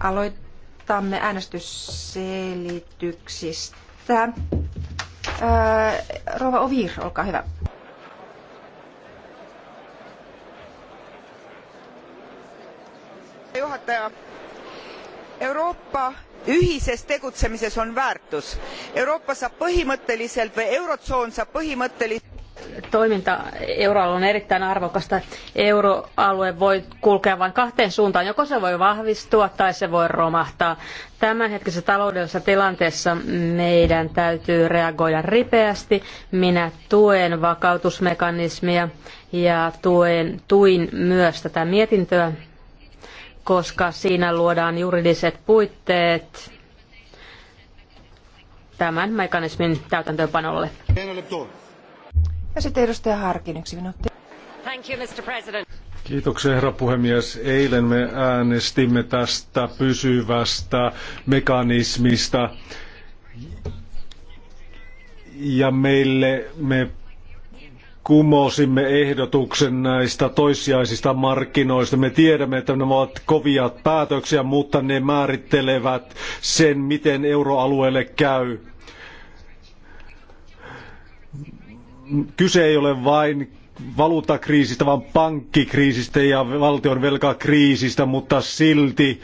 Aloitamme äänestysselityksistä. Rova Ovir, olkaa hyvä. Juhataja, Eurooppa ühises tegutsemises on väärtus. Euroopa saab põhimõtteliselt või Eurotsoon saab põhimõtteliselt toiminta euroalue on erittäin arvokasta. Euroalue voi kulkea vain kahteen suuntaan. Joko se voi vahvistua tai se voi romahtaa. Tämänhetkisessä taloudellisessa tilanteessa meidän täytyy reagoida ripeästi. Minä tuen vakautusmekanismia ja tuen, tuin myös tätä mietintöä, koska siinä luodaan juridiset puitteet tämän mekanismin täytäntöönpanolle. Ja sitten edustaja Harkin yksi minuutti. Thank you, Mr. President. Kiitoksia herra puhemies. Eilen me äänestimme tästä pysyvästä mekanismista ja meille me kumosimme ehdotuksen näistä toissijaisista markkinoista. Me tiedämme, että nämä ovat kovia päätöksiä, mutta ne määrittelevät sen, miten euroalueelle käy kyse ei ole vain valuuttakriisistä, vaan pankkikriisistä ja valtion velkakriisistä, mutta silti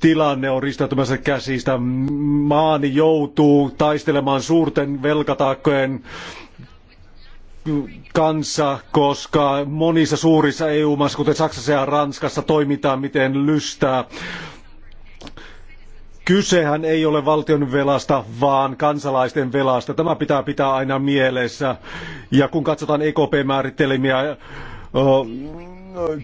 tilanne on ristautumassa käsistä. Maani joutuu taistelemaan suurten velkataakkojen kanssa, koska monissa suurissa EU-maissa, kuten Saksassa ja Ranskassa, toimitaan miten lystää. Kysehän ei ole valtion velasta, vaan kansalaisten velasta. Tämä pitää pitää aina mielessä. Ja kun katsotaan EKP-määrittelemiä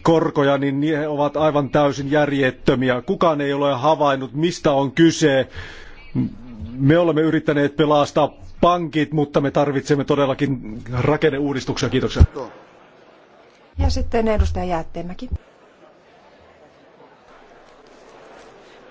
korkoja, niin ne ovat aivan täysin järjettömiä. Kukaan ei ole havainnut, mistä on kyse. Me olemme yrittäneet pelastaa pankit, mutta me tarvitsemme todellakin rakenneuudistuksia. Kiitoksia. Ja sitten edustaja Jäätteenmäki.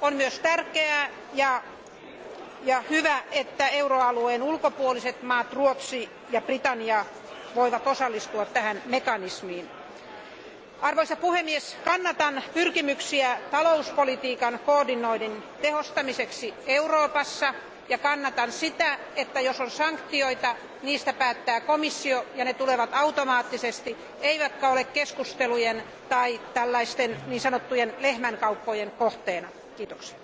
On myös tärkeää ja, ja hyvä, että euroalueen ulkopuoliset maat Ruotsi ja Britannia voivat osallistua tähän mekanismiin. Arvoisa puhemies, kannatan pyrkimyksiä talouspolitiikan koordinoinnin tehostamiseksi Euroopassa – ja kannatan sitä että jos on sanktioita niistä päättää komissio ja ne tulevat automaattisesti eivätkä ole keskustelujen tai tällaisten niin sanottujen lehmänkauppojen kohteena. kiitoksia.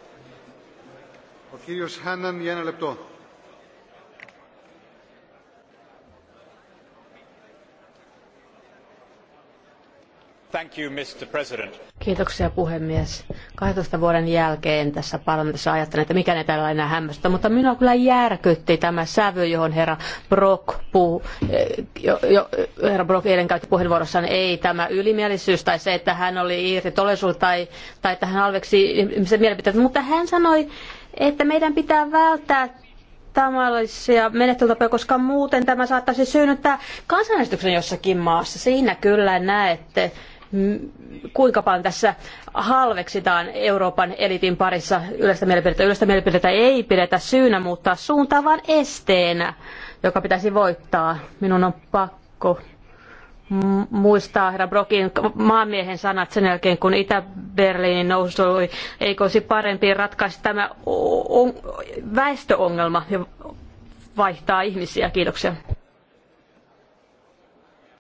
Mr. President. Kiitoksia puhemies. 12 vuoden jälkeen tässä parlamentissa ajattelen, että mikä ne täällä enää hämmästä, mutta minua kyllä järkytti tämä sävy, johon herra Brock, puhu, eh, jo, jo, herra Brock eilen käytti puheenvuorossaan, ei tämä ylimielisyys tai se, että hän oli irti todellisuus tai, tai että hän alveksi ihmisen mielipiteet, mutta hän sanoi, että meidän pitää välttää tämmöisiä menettelytapoja, koska muuten tämä saattaisi synnyttää kansanäänestyksen jossakin maassa. Siinä kyllä näette kuinka paljon tässä halveksitaan Euroopan elitin parissa yleistä mielipidettä. Yleistä mielipidettä ei pidetä syynä muuttaa suuntaa, vaan esteenä, joka pitäisi voittaa. Minun on pakko muistaa herra Brokin maamiehen sanat sen jälkeen, kun Itä-Berliinin nousu oli, eikö olisi parempi ratkaista tämä väestöongelma ja vaihtaa ihmisiä. Kiitoksia.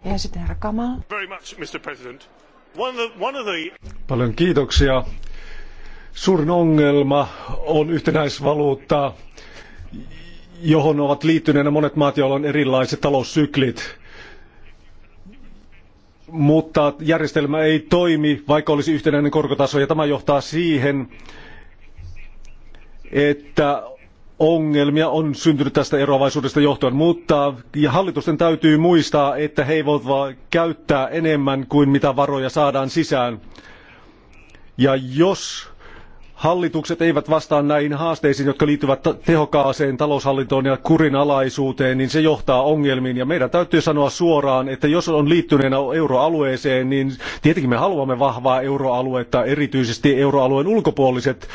Ja sitten herra Kamal. Very much, Mr. President. One of the, one of the... Paljon kiitoksia. Suurin ongelma on yhtenäisvaluutta, johon ovat liittyneenä monet maat, joilla on erilaiset taloussyklit mutta järjestelmä ei toimi, vaikka olisi yhtenäinen korkotaso, ja tämä johtaa siihen, että ongelmia on syntynyt tästä eroavaisuudesta johtuen, mutta hallitusten täytyy muistaa, että he voivat vaan käyttää enemmän kuin mitä varoja saadaan sisään. Ja jos Hallitukset eivät vastaa näihin haasteisiin, jotka liittyvät tehokkaaseen taloushallintoon ja kurinalaisuuteen, niin se johtaa ongelmiin. Ja meidän täytyy sanoa suoraan, että jos on liittyneenä euroalueeseen, niin tietenkin me haluamme vahvaa euroaluetta, erityisesti euroalueen ulkopuoliset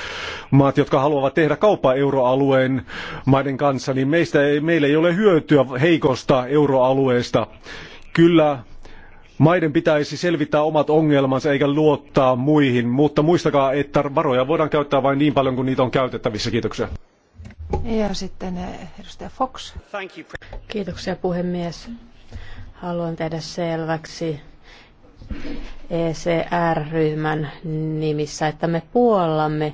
maat, jotka haluavat tehdä kauppaa euroalueen maiden kanssa, niin meistä ei, meillä ei ole hyötyä heikosta euroalueesta. Kyllä Maiden pitäisi selvittää omat ongelmansa eikä luottaa muihin, mutta muistakaa, että varoja voidaan käyttää vain niin paljon kuin niitä on käytettävissä. Kiitoksia. Ja sitten eh, edustaja Fox. Kiitoksia puhemies. Haluan tehdä selväksi ECR-ryhmän nimissä, että me puollamme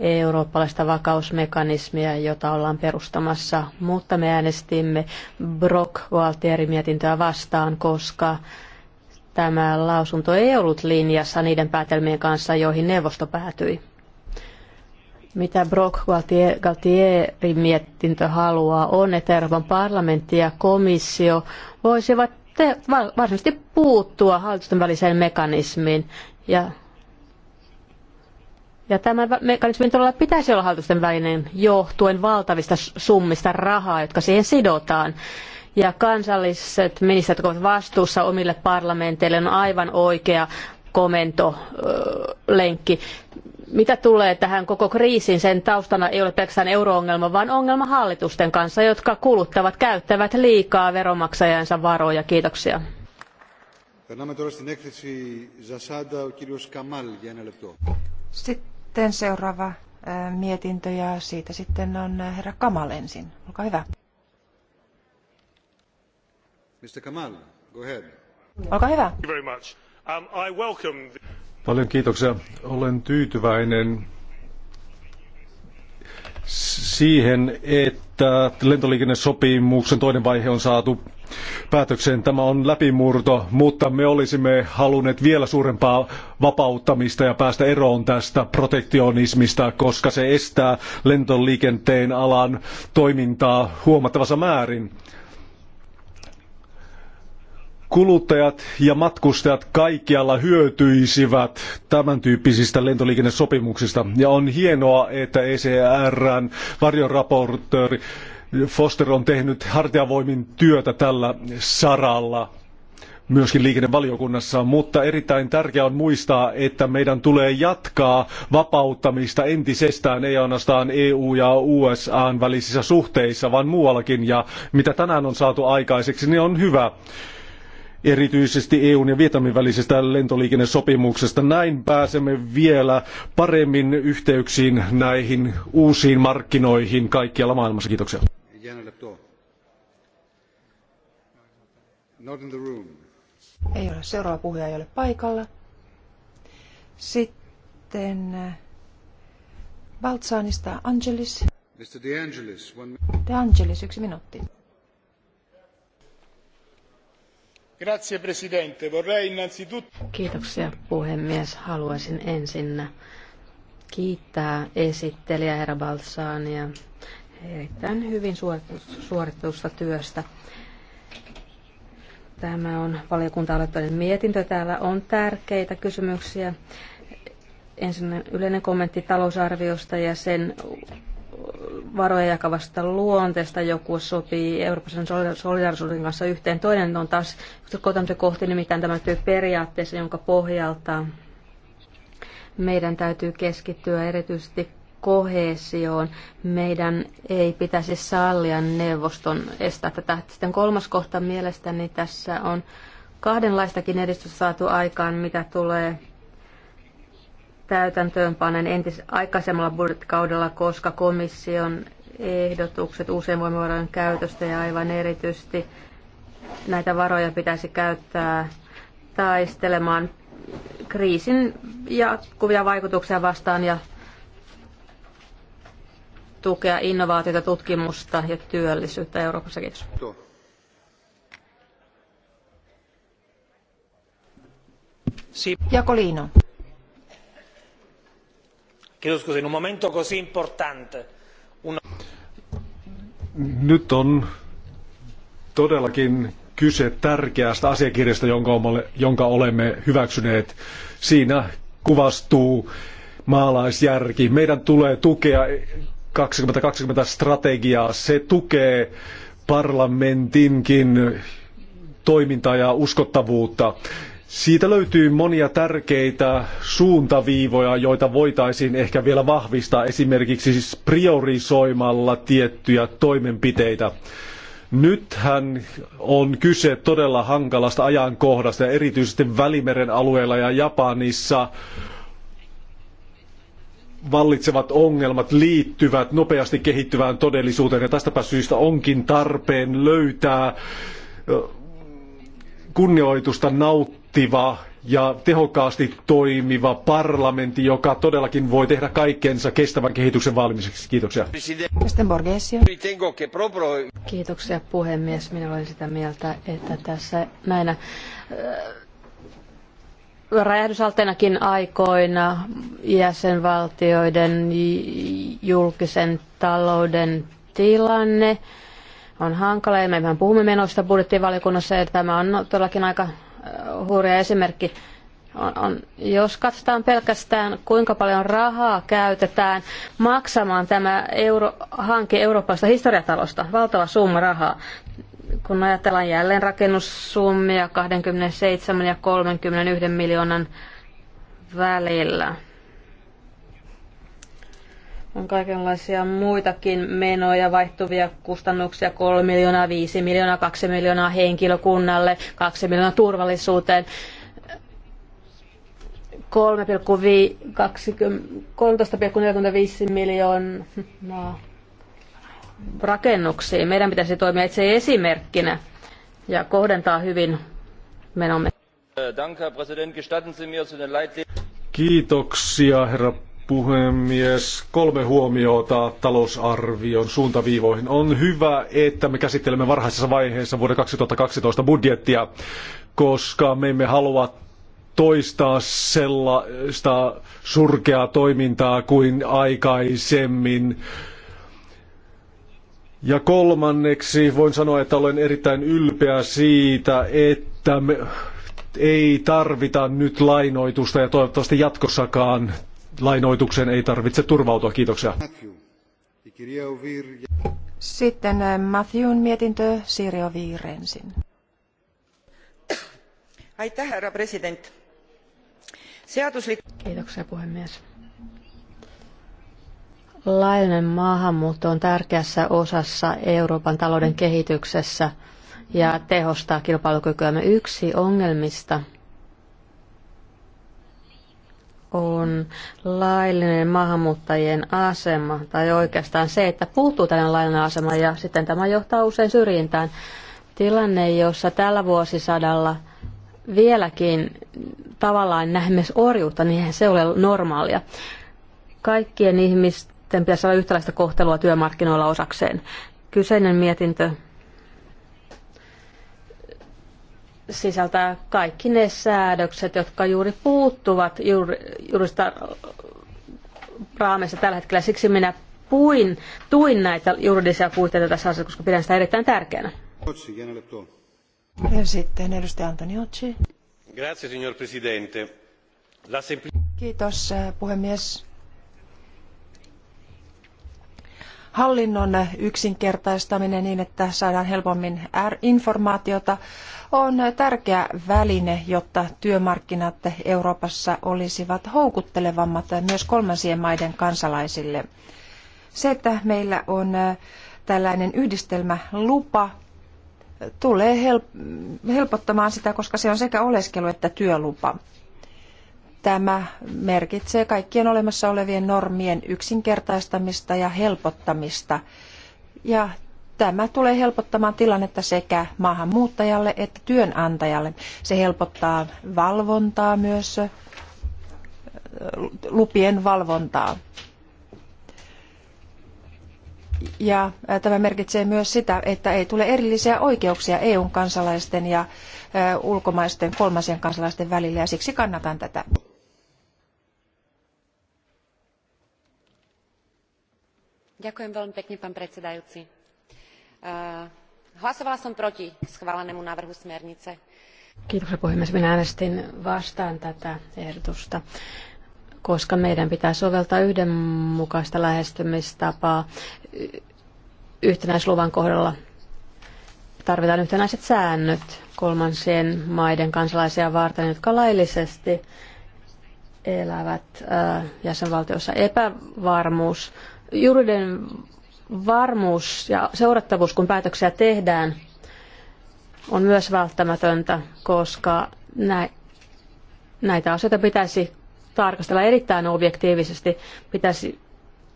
eurooppalaista vakausmekanismia, jota ollaan perustamassa, mutta me äänestimme Brock-Valtierin mietintöä vastaan, koska Tämä lausunto ei ollut linjassa niiden päätelmien kanssa, joihin neuvosto päätyi. Mitä Brock Galtierin mietintö haluaa on, että Euroopan parlamentti ja komissio voisivat te, varsinaisesti puuttua hallitusten väliseen mekanismiin. Ja, ja tämä mekanismi todella pitäisi olla hallitusten välinen johtuen valtavista summista rahaa, jotka siihen sidotaan ja kansalliset ministerit ovat vastuussa omille parlamenteille, on aivan oikea komentolenkki. Mitä tulee tähän koko kriisiin, sen taustana ei ole pelkästään euroongelma, vaan ongelma hallitusten kanssa, jotka kuluttavat, käyttävät liikaa veronmaksajansa varoja. Kiitoksia. Sitten seuraava mietintö ja siitä sitten on herra Kamal ensin. Olkaa hyvä. Um, Olen tyytyväinen siihen, että lentoliikennesopimuksen toinen vaihe on saatu päätökseen. Tämä on läpimurto, mutta me olisimme halunneet vielä suurempaa vapauttamista ja päästä eroon tästä protektionismista, koska se estää lentoliikenteen alan toimintaa huomattavassa määrin kuluttajat ja matkustajat kaikkialla hyötyisivät tämän tyyppisistä lentoliikennesopimuksista. Ja on hienoa, että ECRn varjoraportööri Foster on tehnyt hartiavoimin työtä tällä saralla myöskin liikennevaliokunnassa, mutta erittäin tärkeää on muistaa, että meidän tulee jatkaa vapauttamista entisestään, ei ainoastaan EU- ja USAn välisissä suhteissa, vaan muuallakin. Ja mitä tänään on saatu aikaiseksi, niin on hyvä erityisesti EUn ja Vietnamin välisestä lentoliikennesopimuksesta. Näin pääsemme vielä paremmin yhteyksiin näihin uusiin markkinoihin kaikkialla maailmassa. Kiitoksia. Ei ole. Seuraava puhuja ei ole paikalla. Sitten eh, Baltsaanista Angelis. Mr. De Angelis, one... De Angelis, yksi minuutti. Kiitoksia puhemies. Haluaisin ensin kiittää esittelijä Herra Balsaania erittäin hyvin suoritetusta työstä. Tämä on valiokunta-aloitteinen mietintö. Täällä on tärkeitä kysymyksiä. Ensinnäkin yleinen kommentti talousarviosta ja sen varoja jakavasta luonteesta joku sopii Euroopan solidarisuuden kanssa yhteen. Toinen on taas kotamisen kohti, nimittäin tämä työ periaatteessa, jonka pohjalta meidän täytyy keskittyä erityisesti kohesioon. Meidän ei pitäisi sallia neuvoston estää tätä. Sitten kolmas kohta mielestäni tässä on kahdenlaistakin edistystä saatu aikaan, mitä tulee täytäntöönpanen entis aikaisemmalla budjettikaudella, koska komission ehdotukset usein voimavarojen käytöstä ja aivan erityisesti näitä varoja pitäisi käyttää taistelemaan kriisin jatkuvia vaikutuksia vastaan ja tukea innovaatiota, tutkimusta ja työllisyyttä Euroopassa. Kiitos. Jakoliino. Nyt on todellakin kyse tärkeästä asiakirjasta, jonka olemme hyväksyneet. Siinä kuvastuu maalaisjärki. Meidän tulee tukea 2020 strategiaa. Se tukee parlamentinkin toimintaa ja uskottavuutta. Siitä löytyy monia tärkeitä suuntaviivoja, joita voitaisiin ehkä vielä vahvistaa esimerkiksi siis priorisoimalla tiettyjä toimenpiteitä. Nythän on kyse todella hankalasta ajankohdasta, ja erityisesti Välimeren alueella ja Japanissa vallitsevat ongelmat liittyvät nopeasti kehittyvään todellisuuteen, ja tästäpä syystä onkin tarpeen löytää kunnioitusta nauttia aktiva ja tehokkaasti toimiva parlamentti, joka todellakin voi tehdä kaikkensa kestävän kehityksen vaalimiseksi. Kiitoksia. Kiitoksia puhemies. Minä olen sitä mieltä, että tässä näinä äh, aikoina jäsenvaltioiden julkisen talouden tilanne on hankala. Ja mehän puhumme menoista budjettivaliokunnassa ja tämä on todellakin aika hurja esimerkki. On, on, jos katsotaan pelkästään, kuinka paljon rahaa käytetään maksamaan tämä euro, hanke eurooppalaisesta historiatalosta, valtava summa rahaa, kun ajatellaan jälleen rakennussummia 27 ja 31 miljoonan välillä. On kaikenlaisia muitakin menoja, vaihtuvia kustannuksia, 3 miljoonaa, 5 miljoonaa, 2 miljoonaa henkilökunnalle, 2 miljoonaa turvallisuuteen. 13,45 miljoonaa rakennuksiin. Meidän pitäisi toimia itse esimerkkinä ja kohdentaa hyvin menomme. Äh, Kiitoksia, herra puhemies. Kolme huomiota talousarvion suuntaviivoihin. On hyvä, että me käsittelemme varhaisessa vaiheessa vuoden 2012 budjettia, koska me emme halua toistaa sellaista surkeaa toimintaa kuin aikaisemmin. Ja kolmanneksi voin sanoa, että olen erittäin ylpeä siitä, että me ei tarvita nyt lainoitusta ja toivottavasti jatkossakaan lainoitukseen ei tarvitse turvautua. Kiitoksia. Sitten eh, Matthewn mietintö Sirio Viirensin. Aitäh, herra president. Seaduslik... Kiitoksia, puhemies. Laillinen maahanmuutto on tärkeässä osassa Euroopan talouden kehityksessä ja tehostaa kilpailukykyämme. Yksi ongelmista – on laillinen maahanmuuttajien asema, tai oikeastaan se, että puuttuu tällainen laillinen asema, ja sitten tämä johtaa usein syrjintään. Tilanne, jossa tällä vuosisadalla vieläkin tavallaan näemme orjuutta, niin eihän se ole normaalia. Kaikkien ihmisten pitäisi olla yhtäläistä kohtelua työmarkkinoilla osakseen. Kyseinen mietintö sisältää kaikki ne säädökset, jotka juuri puuttuvat juuri, sitä raameista tällä hetkellä. Siksi minä puin, tuin näitä juridisia puitteita tässä asiassa, koska pidän sitä erittäin tärkeänä. Ja sitten edustaja Otsi. Grazie, signor Presidente. La sempli- Kiitos, eh, puhemies. Hallinnon yksinkertaistaminen niin, että saadaan helpommin informaatiota on tärkeä väline, jotta työmarkkinat Euroopassa olisivat houkuttelevammat myös kolmansien maiden kansalaisille. Se, että meillä on äh, tällainen yhdistelmälupa, tulee helpottamaan sitä, koska se on sekä oleskelu että työlupa. Tämä merkitsee kaikkien olemassa olevien normien yksinkertaistamista ja helpottamista. Ja Tämä tulee helpottamaan tilannetta sekä maahanmuuttajalle että työnantajalle. Se helpottaa valvontaa myös, lupien valvontaa. Ja tämä merkitsee myös sitä, että ei tule erillisiä oikeuksia EUn kansalaisten ja ulkomaisten kolmansien kansalaisten välillä ja siksi kannatan tätä. Ďakujem veľmi pekne, pán predsedajúci Eh, hlasovala som proti schválenému návrhu smernice. Kiitoksia puhemies. Minä äänestin vastaan tätä ehdotusta, koska meidän pitää soveltaa yhdenmukaista lähestymistapaa yhtenäisluvan kohdalla. Tarvitaan yhtenäiset säännöt kolmansien maiden kansalaisia varten, jotka laillisesti elävät eh, jäsenvaltiossa. Epävarmuus, juridinen varmuus ja seurattavuus, kun päätöksiä tehdään, on myös välttämätöntä, koska näitä asioita pitäisi tarkastella erittäin objektiivisesti. Pitäisi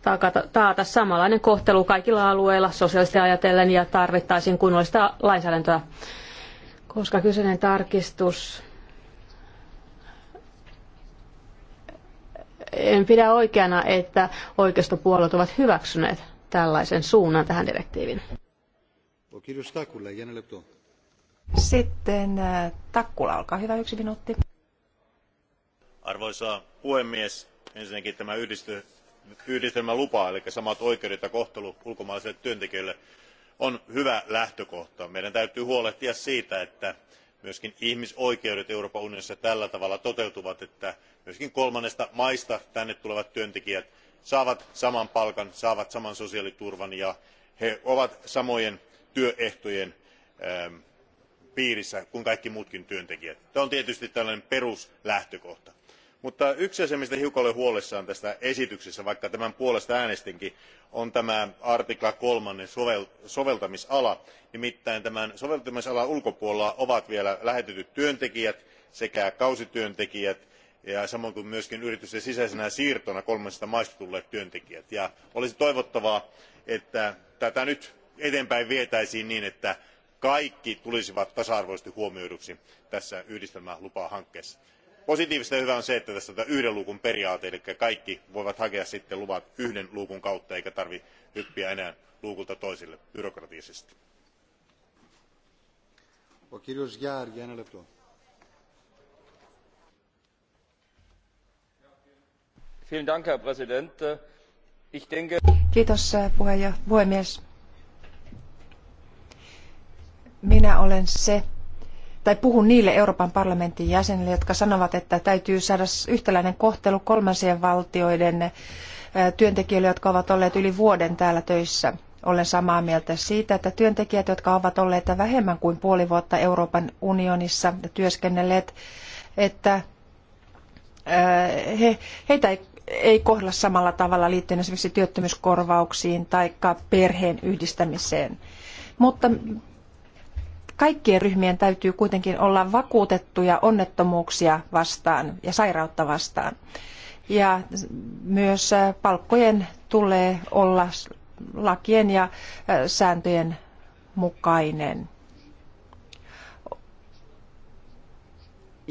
taata, taata samanlainen kohtelu kaikilla alueilla sosiaalisesti ajatellen ja tarvittaisiin kunnollista lainsäädäntöä, koska kyseinen tarkistus en pidä oikeana, että oikeistopuolet ovat hyväksyneet tällaisen suunnan tähän direktiivin. Sitten äh, Takkula, olkaa hyvä, yksi minuutti. Arvoisa puhemies, ensinnäkin tämä yhdisty, yhdistelmälupa, eli samat oikeudet ja kohtelu ulkomaalaisille työntekijöille on hyvä lähtökohta. Meidän täytyy huolehtia siitä, että myös ihmisoikeudet euroopan unionissa tällä tavalla toteutuvat että myös kolmansista maista tänne tulevat työntekijät saavat saman palkan saavat saman sosiaaliturvan ja he ovat samojen työehtojen ähm, piirissä kuin kaikki muutkin työntekijät. tämä on tietysti tällainen peruslähtökohta mutta yksi asia mistä hiukan olen huolissani tässä esityksessä vaikka tämän puolesta äänestinkin on tämä artikla kolme soveltamisala nimittäin tämän soveltamisalan ulkopuolella ovat vielä lähetetyt työntekijät sekä kausityöntekijät ja samoin kuin myös yritysten sisäisenä siirtona kolmansista maista tulleet työntekijät. Ja olisi toivottavaa että tätä nyt eteenpäin vietäisiin niin että kaikki tulisivat tasa arvoisesti huomioiduksi tässä yhdistelmälupahankkeessa. positiivista ja hyvää on se että tässä on tämä yhden luukun periaate eli kaikki voivat hakea sitten luvat yhden luukun kautta eikä tarvitse hyppiä enää luukulta toiselle byrokraattisesti. Kiitos äh, puhemies. Minä olen se, tai puhun niille Euroopan parlamentin jäsenille, jotka sanovat, että täytyy saada yhtäläinen kohtelu kolmansien valtioiden äh, työntekijöille, jotka ovat olleet yli vuoden täällä töissä. Olen samaa mieltä siitä, että työntekijät, jotka ovat olleet vähemmän kuin puoli vuotta Euroopan unionissa ja työskennelleet, että äh, he, heitä ei ei kohdella samalla tavalla liittyen esimerkiksi työttömyyskorvauksiin tai perheen yhdistämiseen. Mutta kaikkien ryhmien täytyy kuitenkin olla vakuutettuja onnettomuuksia vastaan ja sairautta vastaan. Ja myös palkkojen tulee olla lakien ja sääntöjen mukainen.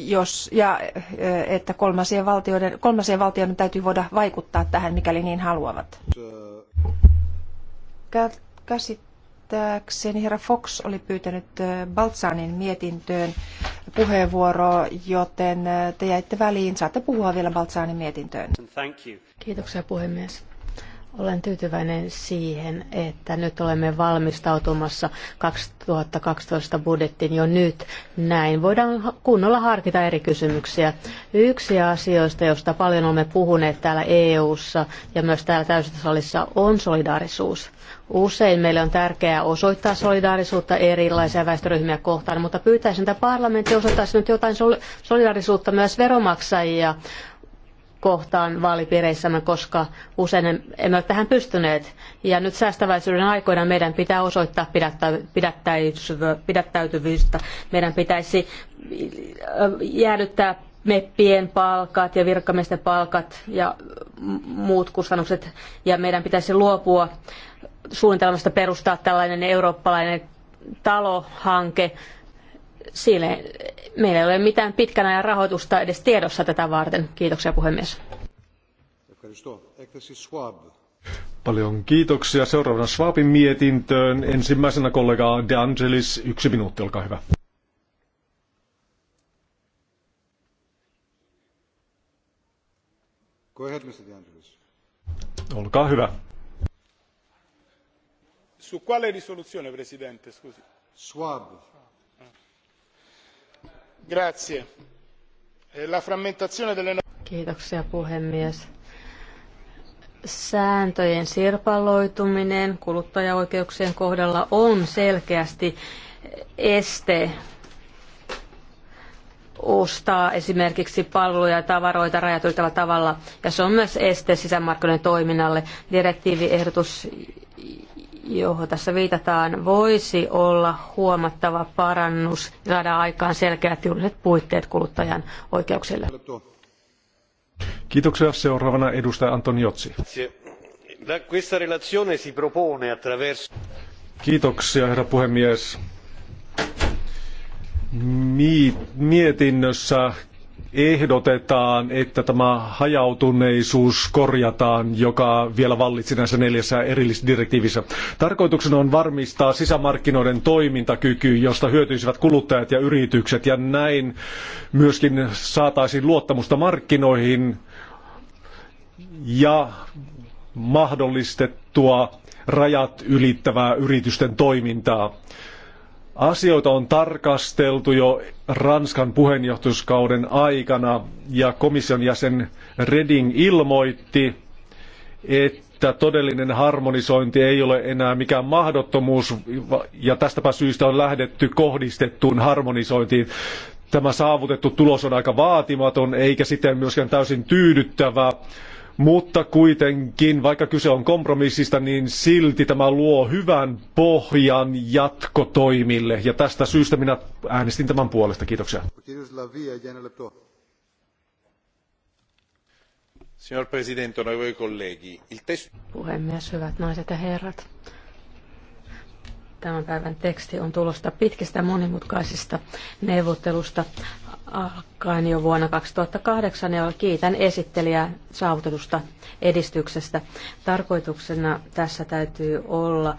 jos, ja eh, että kolmansien valtioiden, kolmansien valtioiden täytyy voida vaikuttaa tähän, mikäli niin haluavat. Käsittääkseni herra Fox oli pyytänyt eh, Baltsanin mietintöön puheenvuoroa, joten eh, te jäitte väliin. Saatte puhua vielä Baltsanin mietintöön. Kiitoksia puhemies. Olen tyytyväinen siihen, että nyt olemme valmistautumassa 2012 budjettiin jo nyt. Näin voidaan kunnolla harkita eri kysymyksiä. Yksi asioista, josta paljon olemme puhuneet täällä EU:ssa ja myös täällä täysistössä on solidaarisuus. Usein meille on tärkeää osoittaa solidaarisuutta erilaisia väestöryhmiä kohtaan, mutta pyytäisin, että parlamentti osoittaisi nyt jotain solidaarisuutta myös veromaksajia kohtaan vaalipiireissämme, koska usein emme ole tähän pystyneet. Ja nyt säästäväisyyden aikoina meidän pitää osoittaa pidättäytyvyyttä. Meidän pitäisi jäädyttää meppien palkat ja virkamiesten palkat ja muut kustannukset. Ja meidän pitäisi luopua suunnitelmasta perustaa tällainen eurooppalainen talohanke, Sille, meillä ei ole mitään pitkän ajan rahoitusta edes tiedossa tätä varten. Kiitoksia puhemies. Paljon kiitoksia. Seuraavana Schwabin mietintöön. Ensimmäisenä kollega De Angelis. Yksi minuutti, olkaa hyvä. Go ahead, Mr. De Angelis. Olkaa hyvä. Su quale risoluzione, Presidente? Scusi. Schwab. Grazie. Eh, no- Kiitoksia puhemies. Sääntöjen sirpaloituminen kuluttajaoikeuksien kohdalla on selkeästi este ostaa esimerkiksi palveluja ja tavaroita rajatyltävällä tavalla. Ja se on myös este sisämarkkinoiden toiminnalle. Direktiiviehdotus, johon tässä viitataan, voisi olla huomattava parannus ja saada aikaan selkeät juridiset puitteet kuluttajan oikeuksille. Kiitoksia. Seuraavana edustaja Anton Jotsi. Kiitoksia, herra puhemies. Mietinnössä ehdotetaan, että tämä hajautuneisuus korjataan, joka vielä vallitsi näissä neljässä erillisdirektiivissä. Tarkoituksena on varmistaa sisämarkkinoiden toimintakyky, josta hyötyisivät kuluttajat ja yritykset, ja näin myöskin saataisiin luottamusta markkinoihin ja mahdollistettua rajat ylittävää yritysten toimintaa. Asioita on tarkasteltu jo Ranskan puheenjohtajuuskauden aikana ja komission jäsen Reding ilmoitti, että todellinen harmonisointi ei ole enää mikään mahdottomuus ja tästäpä syystä on lähdetty kohdistettuun harmonisointiin. Tämä saavutettu tulos on aika vaatimaton eikä siten myöskään täysin tyydyttävä mutta kuitenkin, vaikka kyse on kompromissista, niin silti tämä luo hyvän pohjan jatkotoimille. Ja tästä syystä minä äänestin tämän puolesta. Kiitoksia. Signor Presidente, onorevoli colleghi, il testo... Puhemies, hyvät naiset ja herrat. Tämän päivän teksti on tulosta pitkistä monimutkaisista neuvottelusta alkaen jo vuonna 2008 ja kiitän esittelijää saavutetusta edistyksestä. Tarkoituksena tässä täytyy olla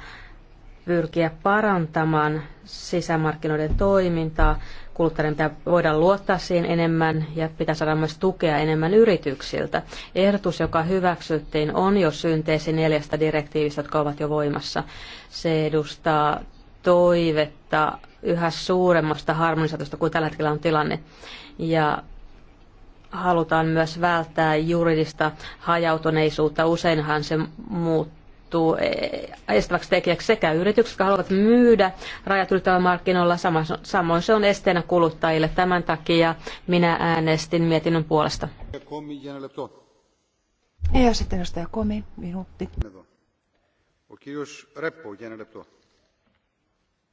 pyrkiä parantamaan sisämarkkinoiden toimintaa. Kuluttajien pitää voida luottaa siihen enemmän ja pitää saada myös tukea enemmän yrityksiltä. Ehdotus, joka hyväksyttiin, on jo synteesi neljästä direktiivistä, jotka ovat jo voimassa. Se edustaa toivetta yhä suuremmasta harmonisaatiosta kuin tällä hetkellä on tilanne. Ja halutaan myös välttää juridista hajautuneisuutta. Useinhan se muuttuu eh, estäväksi tekijäksi sekä yritykset, jotka haluavat myydä rajat ylittävällä markkinoilla, samoin se on esteenä kuluttajille. Tämän takia minä äänestin mietinnön puolesta. Ja sitten edustaja Komi, minuutti. Kiitos Reppu, jäänä leptoa.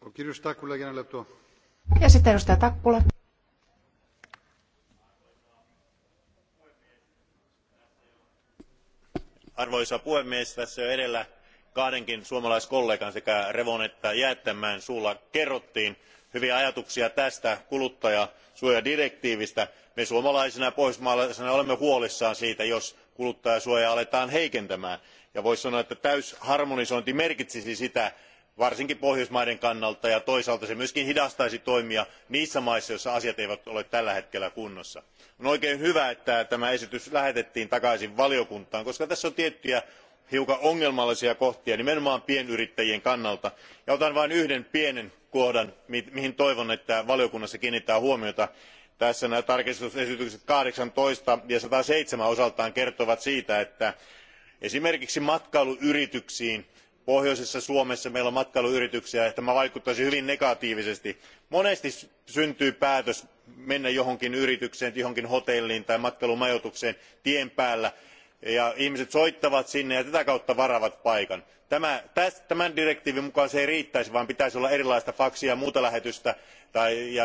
Ja sitten edustaja Takkula. Arvoisa puhemies, tässä jo edellä kahdenkin suomalaiskollegan sekä revon että jäätteenmäen suulla kerrottiin hyviä ajatuksia tästä kuluttajansuojadirektiivistä. me suomalaisina ja pohjoismaalaisina olemme huolissamme siitä jos kuluttajansuojaa aletaan heikentämään ja voisi sanoa että täysharmonisointi merkitsisi sitä varsinkin pohjoismaiden kannalta ja toisaalta se myös hidastaisi toimia niissä maissa joissa asiat eivät ole tällä hetkellä kunnossa. on oikein hyvä että tämä esitys lähetettiin takaisin valiokuntaan koska tässä on tiettyjä hiukan ongelmallisia kohtia nimenomaan pienyrittäjien kannalta. otan vain yhden pienen kohdan mihin toivon että valiokunnassa kiinnitetään huomiota tässä nämä tarkistusesitykset kahdeksantoista ja sataseitsemän osaltaan kertovat siitä että esimerkiksi matkailuyrityksiin pohjoisessa suomessa meillä on matkailuyrityksiä ja tämä vaikuttaisi hyvin negatiivisesti. monesti syntyy päätös mennä johonkin yritykseen johonkin hotelliin tai matkailumajoitukseen tien päällä ja ihmiset soittavat sinne ja tätä kautta varaavat paikan. Tämä, tämän direktiivin mukaan se ei riittäisi vaan pitäisi olla erilaista faksia ja muuta lähetystä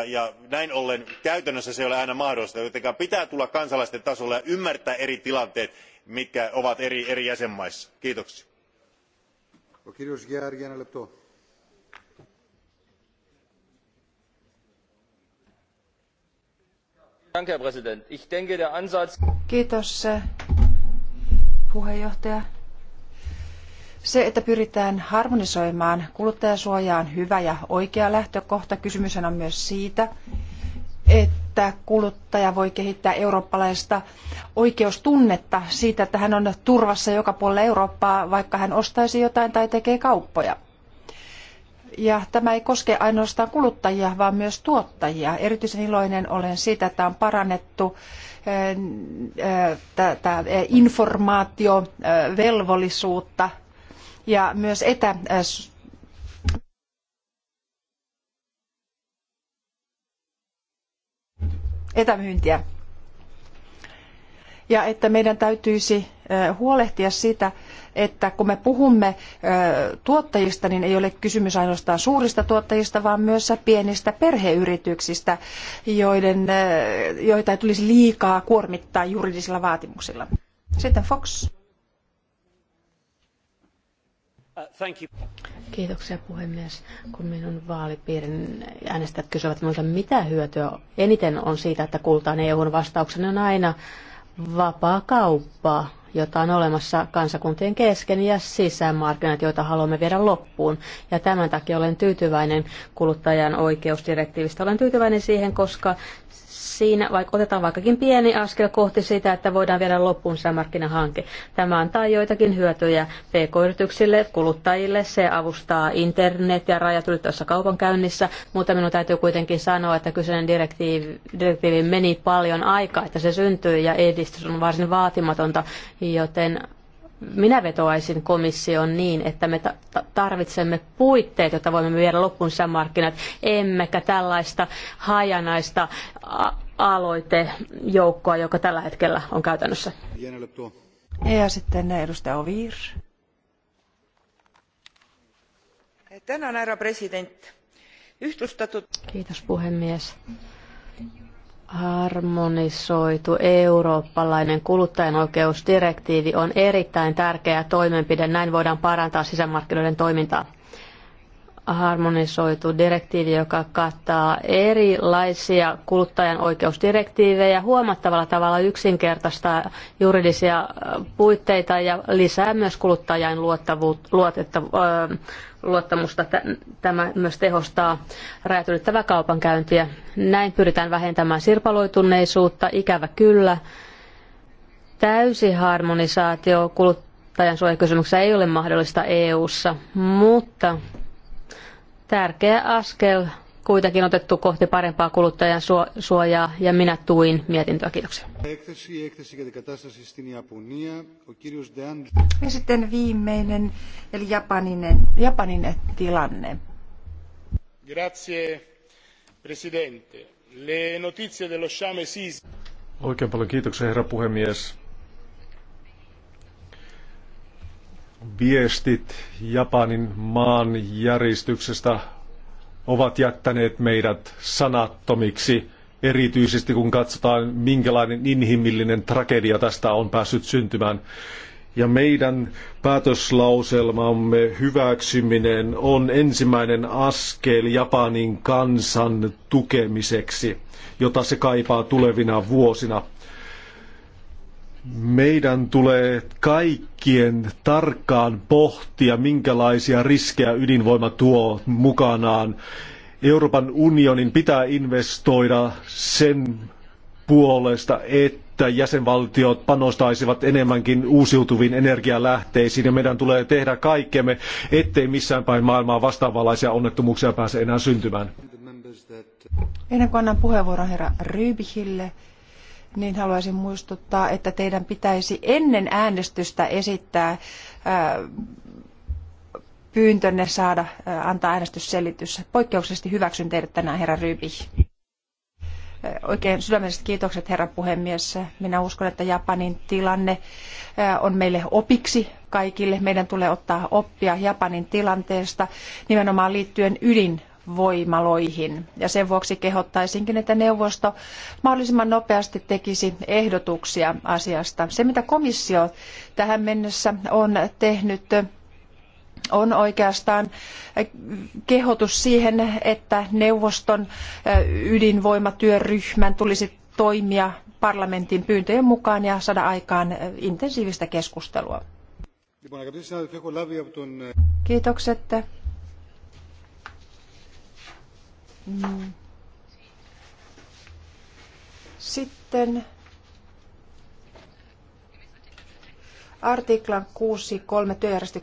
ja, näin ollen käytännössä se ei ole aina mahdollista joten pitää tulla kansalaisten tasolle ja ymmärtää eri tilanteet mitkä ovat eri, eri jäsenvaltioissa. kiitoksia herr präsident! ich denke der ansatz. kiitos eh, puheenjohtaja. se että pyritään harmonisoimaan kuluttajansuojaa on hyvä ja oikea lähtökohta. kysymyshän on myös siitä että kuluttaja voi kehittää eurooppalaista oikeustunnetta siitä, että hän on turvassa joka puolella Eurooppaa, vaikka hän ostaisi jotain tai tekee kauppoja. Ja tämä ei koske ainoastaan kuluttajia, vaan myös tuottajia. Erityisen iloinen olen siitä, että on parannettu eh, eh, tätä eh, informaatiovelvollisuutta ja myös etä etämyyntiä. Ja että meidän täytyisi huolehtia siitä, että kun me puhumme tuottajista, niin ei ole kysymys ainoastaan suurista tuottajista, vaan myös pienistä perheyrityksistä, joiden, joita ei tulisi liikaa kuormittaa juridisilla vaatimuksilla. Sitten Fox. Kiitoksia puhemies. Kun minun vaalipiirin äänestäjät kysyvät minulta, mitä hyötyä eniten on siitä, että kultaan EUn vastauksen on aina vapaa jota on olemassa kansakuntien kesken ja sisämarkkinat, joita haluamme viedä loppuun. Ja tämän takia olen tyytyväinen kuluttajan oikeusdirektiivistä. Olen tyytyväinen siihen, koska siinä vaikka otetaan vaikkakin pieni askel kohti sitä, että voidaan viedä loppuun sisämarkkinahanke. Tämä antaa joitakin hyötyjä pk-yrityksille, kuluttajille, se avustaa internet- ja rajat ylittävässä kaupankäynnissä, mutta minun täytyy kuitenkin sanoa, että kyseinen direktiivi, direktiivi meni paljon aikaa, että se syntyy ja edistys on varsin vaatimatonta, joten minä vetoaisin komissioon niin, että me tarvitsemme puitteet, jotta voimme viedä loppuun sisämarkkinat, emmekä tällaista hajanaista aloitejoukkoa, joka tällä hetkellä on käytännössä. Ja sitten edustaja Ovir. Tänään, herra presidentti. Yhtustatut... Kiitos puhemies. Harmonisoitu eurooppalainen kuluttajanoikeusdirektiivi on erittäin tärkeä toimenpide. Näin voidaan parantaa sisämarkkinoiden toimintaa harmonisoitu direktiivi, joka kattaa erilaisia kuluttajan oikeusdirektiivejä huomattavalla tavalla yksinkertaistaa juridisia puitteita ja lisää myös kuluttajan luottamusta. Tämä myös tehostaa räätylyttävää kaupankäyntiä. Näin pyritään vähentämään sirpaloituneisuutta. Ikävä kyllä. Täysi harmonisaatio kuluttajan suojakysymyksessä ei ole mahdollista EU-ssa, mutta Tärkeä askel kuitenkin otettu kohti parempaa kuluttajan suojaa ja minä tuin mietintöä. Kiitoksia. Ja sitten viimeinen eli japaninen, japaninen tilanne. Grazie, presidente. Le notizie dello sciame Oikein paljon kiitoksia herra puhemies. viestit Japanin maan järjestyksestä ovat jättäneet meidät sanattomiksi, erityisesti kun katsotaan, minkälainen inhimillinen tragedia tästä on päässyt syntymään. Ja meidän päätöslauselmamme hyväksyminen on ensimmäinen askel Japanin kansan tukemiseksi, jota se kaipaa tulevina vuosina meidän tulee kaikkien tarkkaan pohtia, minkälaisia riskejä ydinvoima tuo mukanaan. Euroopan unionin pitää investoida sen puolesta, että jäsenvaltiot panostaisivat enemmänkin uusiutuviin energialähteisiin ja meidän tulee tehdä kaikkemme, ettei missään päin maailmaa vastaavanlaisia onnettomuuksia pääse enää syntymään. Ennen kuin annan puheenvuoron herra Ryybihille, niin haluaisin muistuttaa, että teidän pitäisi ennen äänestystä esittää ää, pyyntönne saada ää, antaa äänestysselitys. Poikkeuksellisesti hyväksyn teidät tänään, herra Rybi. Oikein sydämelliset kiitokset, herra puhemies. Minä uskon, että Japanin tilanne on meille opiksi kaikille. Meidän tulee ottaa oppia Japanin tilanteesta nimenomaan liittyen ydin voimaloihin. Ja sen vuoksi kehottaisinkin, että neuvosto mahdollisimman nopeasti tekisi ehdotuksia asiasta. Se, mitä komissio tähän mennessä on tehnyt, on oikeastaan kehotus siihen, että neuvoston ydinvoimatyöryhmän tulisi toimia parlamentin pyyntöjen mukaan ja saada aikaan intensiivistä keskustelua. Kiitokset. Sitten artiklan 6.3 työjärjestyksen